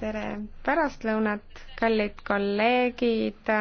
tere pärastlõunat, kallid kolleegid!